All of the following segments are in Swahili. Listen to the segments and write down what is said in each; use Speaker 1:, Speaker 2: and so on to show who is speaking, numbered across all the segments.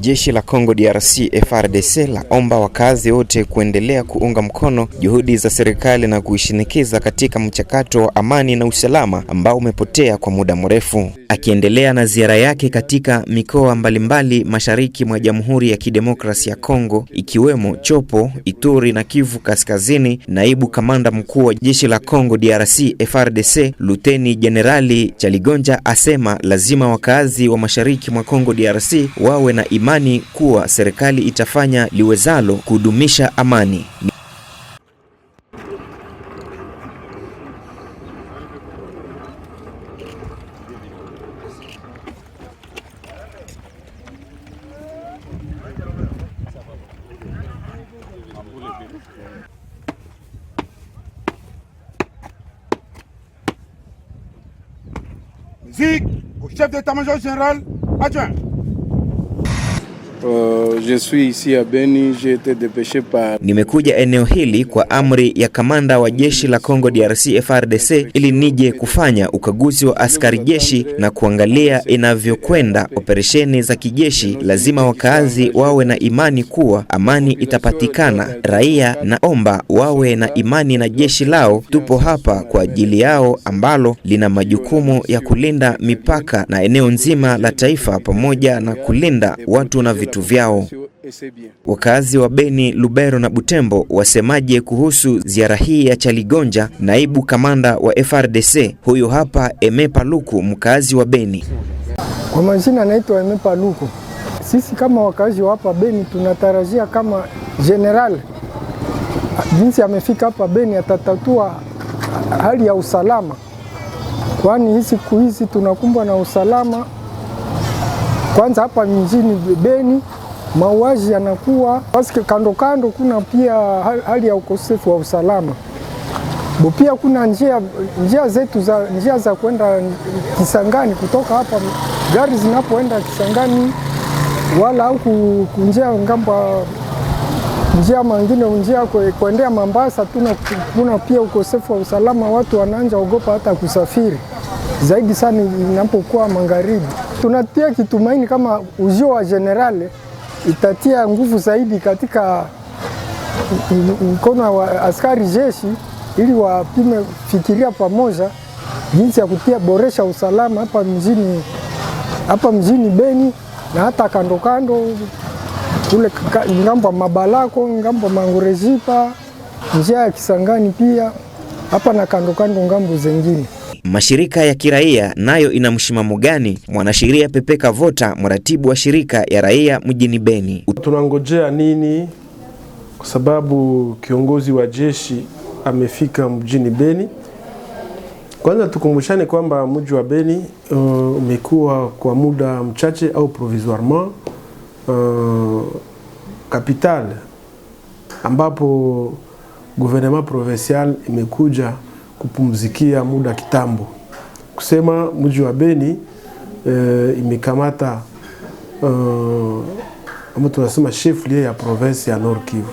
Speaker 1: Jeshi la Congo DRC FRDC laomba wakazi wote kuendelea kuunga mkono juhudi za serikali na kuishinikiza katika mchakato wa amani na usalama ambao umepotea kwa muda mrefu. Akiendelea na ziara yake katika mikoa mbalimbali mashariki mwa Jamhuri ya Kidemokrasia ya Kongo ikiwemo Chopo, Ituri na Kivu Kaskazini, naibu kamanda mkuu wa jeshi la Congo DRC FRDC Luteni Jenerali Chaligonja asema lazima wakazi wa mashariki mashariki mwa Kongo DRC wawe na imani kuwa serikali itafanya liwezalo kudumisha amani.
Speaker 2: Zik, au chef d'état-major général আচ্ছা Uh, je suis ici à Beni, j'ai été par... Nimekuja eneo hili kwa amri ya kamanda wa jeshi la Congo DRC frdc ili nije kufanya ukaguzi wa askari jeshi na kuangalia inavyokwenda operesheni za kijeshi. Lazima wakaazi wawe na imani kuwa amani itapatikana. Raia naomba wawe na imani na jeshi lao. Tupo hapa kwa ajili yao ambalo lina majukumu ya kulinda mipaka na eneo nzima la taifa pamoja na kulinda watu na vitu vitu vyao. Wakazi wa Beni, Lubero na Butembo wasemaje kuhusu ziara hii ya Chaligonja? Naibu kamanda wa FRDC huyu hapa Emepa Paluku, mkazi wa Beni.
Speaker 3: Kwa majina anaitwa Emepa Luku. Sisi kama wakazi wa hapa Beni tunatarajia kama general jinsi amefika hapa Beni atatatua hali ya usalama, kwani hii siku hizi tunakumbwa na usalama kwanza hapa mjini Beni mauaji yanakuwa basi, kando kando kuna pia hali ya ukosefu wa usalama bo, pia kuna njia, njia zetu za, njia za kwenda Kisangani kutoka hapa, gari zinapoenda Kisangani wala au kunjia ngamba njia mangine njia kuendea Mambasa tuna, kuna pia ukosefu wa usalama, watu wanaanza ogopa hata kusafiri zaidi sana inapokuwa magharibi. Tunatia kitumaini kama ujio wa generale itatia nguvu zaidi katika mkono wa askari jeshi, ili wapime fikiria pamoja jinsi ya kutia boresha usalama hapa mjini hapa mjini Beni na hata kando kando kule ngambo Mabalako, ngambo Mangurezipa, njia ya Kisangani pia hapa na kando kando ngambo zengine.
Speaker 1: Mashirika ya kiraia nayo ina msimamo gani? Mwanasheria Pepeka Vota, mratibu wa shirika ya raia mjini Beni.
Speaker 4: Tunangojea nini? Kwa sababu kiongozi wa jeshi amefika mjini Beni. Kwanza tukumbushane kwamba mji wa Beni uh, umekuwa uh, kwa muda mchache au provisoirement uh, capital ambapo gouvernement provincial imekuja kupumzikia muda kitambo. Kusema mji wa Beni e, imekamata e, ama tunasema chef-lieu ya province ya Nord Kivu,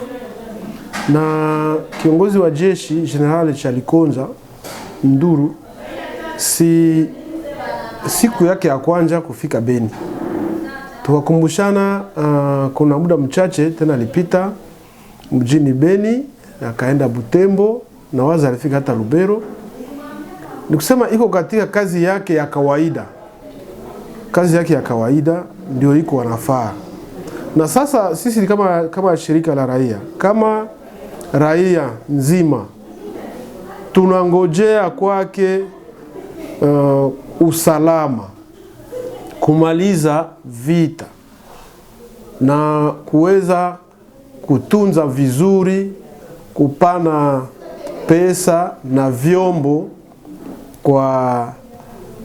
Speaker 4: na kiongozi wa jeshi General Chalikonza Nduru si siku yake ya kwanza kufika Beni tukakumbushana. Uh, kuna muda mchache tena alipita mjini Beni akaenda Butembo na waza alifika hata Lubero. Ni kusema iko katika kazi yake ya kawaida, kazi yake ya kawaida ndio iko wanafaa. Na sasa sisi kama, kama shirika la raia kama raia nzima tunangojea kwake uh, usalama, kumaliza vita na kuweza kutunza vizuri kupana pesa na vyombo kwa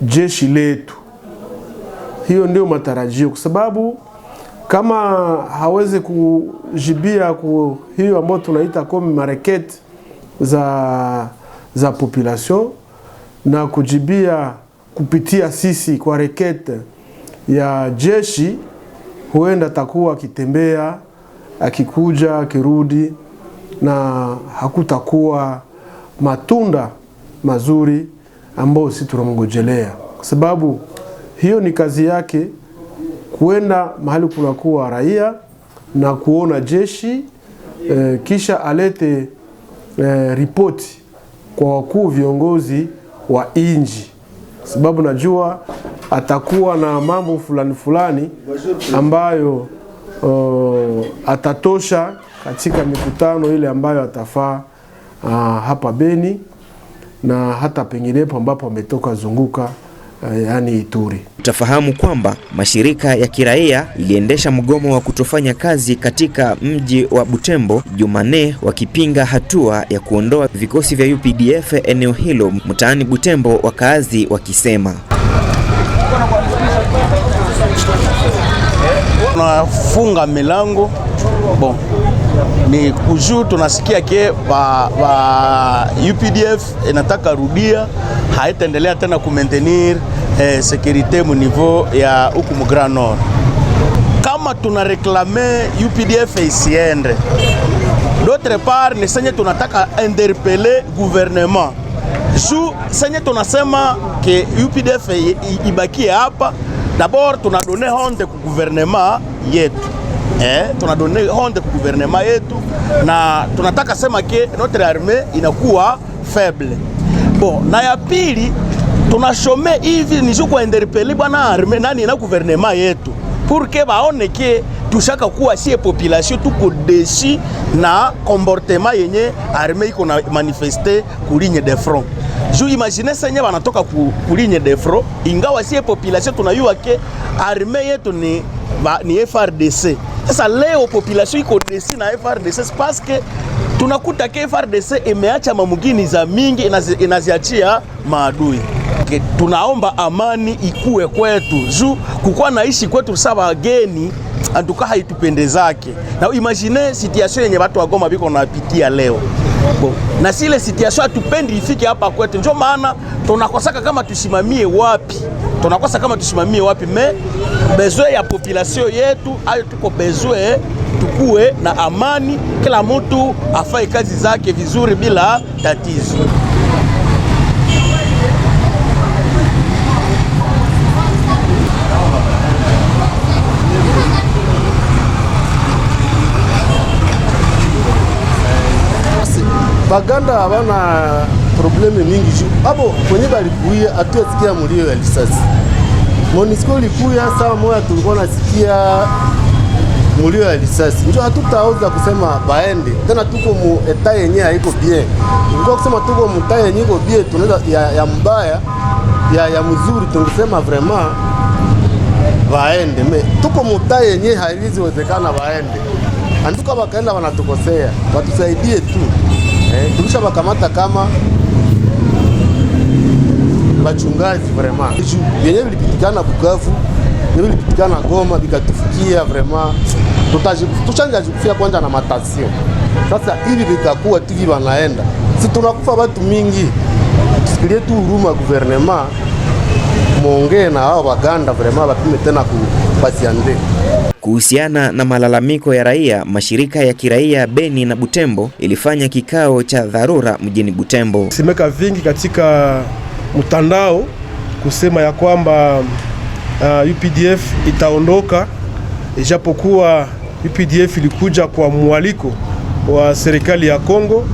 Speaker 4: jeshi letu. Hiyo ndio matarajio, kwa sababu kama hawezi kujibia ku hiyo ambayo tunaita comme marekete za, za population na kujibia kupitia sisi kwa rekete ya jeshi, huenda atakuwa akitembea akikuja akirudi, na hakutakuwa matunda mazuri ambayo sisi tunamgojelea, kwa sababu hiyo ni kazi yake, kuenda mahali kunakuwa raia na kuona jeshi eh, kisha alete eh, ripoti kwa wakuu viongozi wa inji, sababu najua atakuwa na mambo fulani fulani ambayo uh, atatosha katika mikutano ile ambayo atafaa uh, hapa Beni na hata penginepo ambapo wametoka zunguka uh, yaani Ituri.
Speaker 1: Utafahamu kwamba mashirika ya kiraia iliendesha mgomo wa kutofanya kazi katika mji wa Butembo Jumanne, wakipinga hatua ya kuondoa vikosi vya UPDF eneo hilo mtaani Butembo, wakaazi wakisema
Speaker 5: tunafunga milango bon ni kujur tunasikia ke ba, ba UPDF inataka rudia haitaendelea tena kumaintenir eh, sekurite mu niveau ya huku mu Grand Nord.
Speaker 6: Kama tuna reklame UPDF isiende, d'autre part ni senye tunataka interpele gouvernement ju senye tunasema ke UPDF ibakie hapa, dabord tunadone honte ku gouvernement yetu eh, tunadone honte ku guvernema yetu na tunataka sema ke notre armee inakuwa faible. Bon, na ya pili tunashome hivi nizikuwainterpele bwana arme nani na guvernema yetu purke baone ke tushaka kuwa sie population tuko deshi na comportement yenye arme iko na manifeste ku de front ju imagine senye banatoka ku, ku de front, ingawa sie population tunayua ke arme yetu ni, ba, ni FRDC sasa leo population iko desi na FRDC parce que tunakuta ke FRDC imeacha mamugini za mingi inaziachia maadui. Tunaomba amani ikue kwetu juu kukuwa naishi kwetu sawa wageni antuka zake na imagine situation yenye watu wa Goma biko napitia leo. Bo. Na sile situation atupendi ifike hapa kwetu, ndio maana tunakosaka kama tusimamie wapi, tunakosa kama tusimamie wapi, me besoin ya population yetu ayo, tuko bezwe tukuwe na amani, kila mtu afai kazi zake vizuri bila tatizo.
Speaker 7: Baganda hawana probleme mingi juu hapo kwenye balikuia hatuasikia mulio ya lisasi. Monisco ilikuya saa moja tulikuwa nasikia mulio ya lisasi, njo hatutaweza kusema baende tena. Tuko mu eta yenye haiko bien, tulikuwa kusema tuko mu eta yenye iko bien, tunaweza ya, ya mbaya ya, ya mzuri tungesema vraiment baende me, tuko mu eta yenye haiwezi wezekana baende, anduka bakaenda wanatukosea, watusaidie tu. Eh, tulisha bakamata kama bachungaji vraiment. Hicho yenyewe vilipitikana Bukavu, yenyewe vilipitikana Goma vikatufikia vraiment. Tutaji kufia kwanza na matasio. Sasa hivi vikakuwa tivi wanaenda. Si tunakufa watu mingi. Tusikilie tu huruma gouvernement. Muongee na hao Baganda vraiment bapime tena ku
Speaker 1: Kuhusiana na malalamiko ya raia, mashirika ya kiraia Beni na Butembo ilifanya kikao cha dharura mjini Butembo.
Speaker 8: Simeka vingi katika mtandao kusema ya kwamba uh, UPDF itaondoka, ijapokuwa UPDF ilikuja kwa mwaliko wa serikali ya Kongo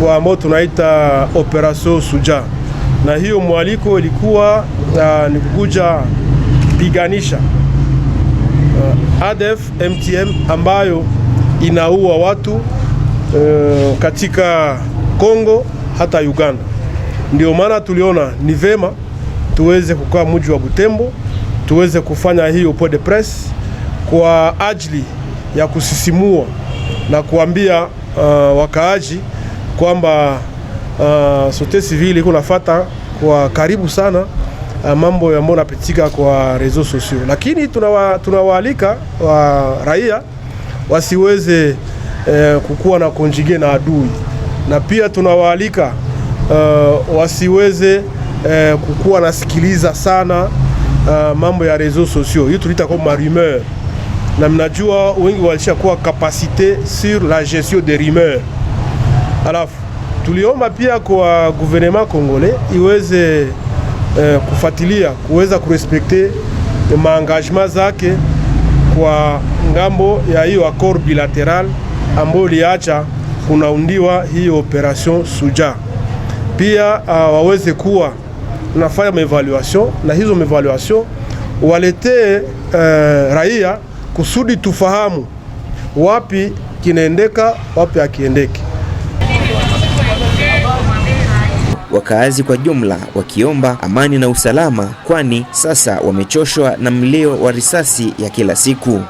Speaker 8: kwa ambao tunaita Operation Suja, na hiyo mwaliko ilikuwa uh, ni kuja piganisha ADF MTM ambayo inaua watu e, katika Kongo hata Uganda. Ndio maana tuliona ni vema tuweze kukaa mji wa Butembo, tuweze kufanya hiyo point press kwa ajili ya kusisimua na kuambia uh, wakaaji kwamba uh, eh, sote sivili iko nafata kwa karibu sana uh, mambo ambayo napitika kwa rezo sosio, lakini tunawaalika tuna uh, wa raia wasiweze eh, uh, kukuwa na konjige na adui, na pia tunawaalika uh, wasiweze uh, kukuwa nasikiliza sana uh, mambo ya rezo sosio hiyo tulita kwa marumeur na mnajua wengi kuwa kapasite sur la gestion des rumeurs. Alafu tuliomba pia kwa gouvernement congolais iweze eh, kufuatilia kuweza kurespekte maengagement zake kwa ngambo ya hiyo accord bilateral ambayo iliacha kunaundiwa hiyo operation Suja. Pia uh, waweze kuwa nafanya maevaluation na hizo maevaluation waletee uh, raia kusudi tufahamu wapi kinaendeka wapi akiendeki.
Speaker 1: wakaazi kwa jumla wakiomba amani na usalama, kwani sasa wamechoshwa na mlio wa risasi ya kila siku.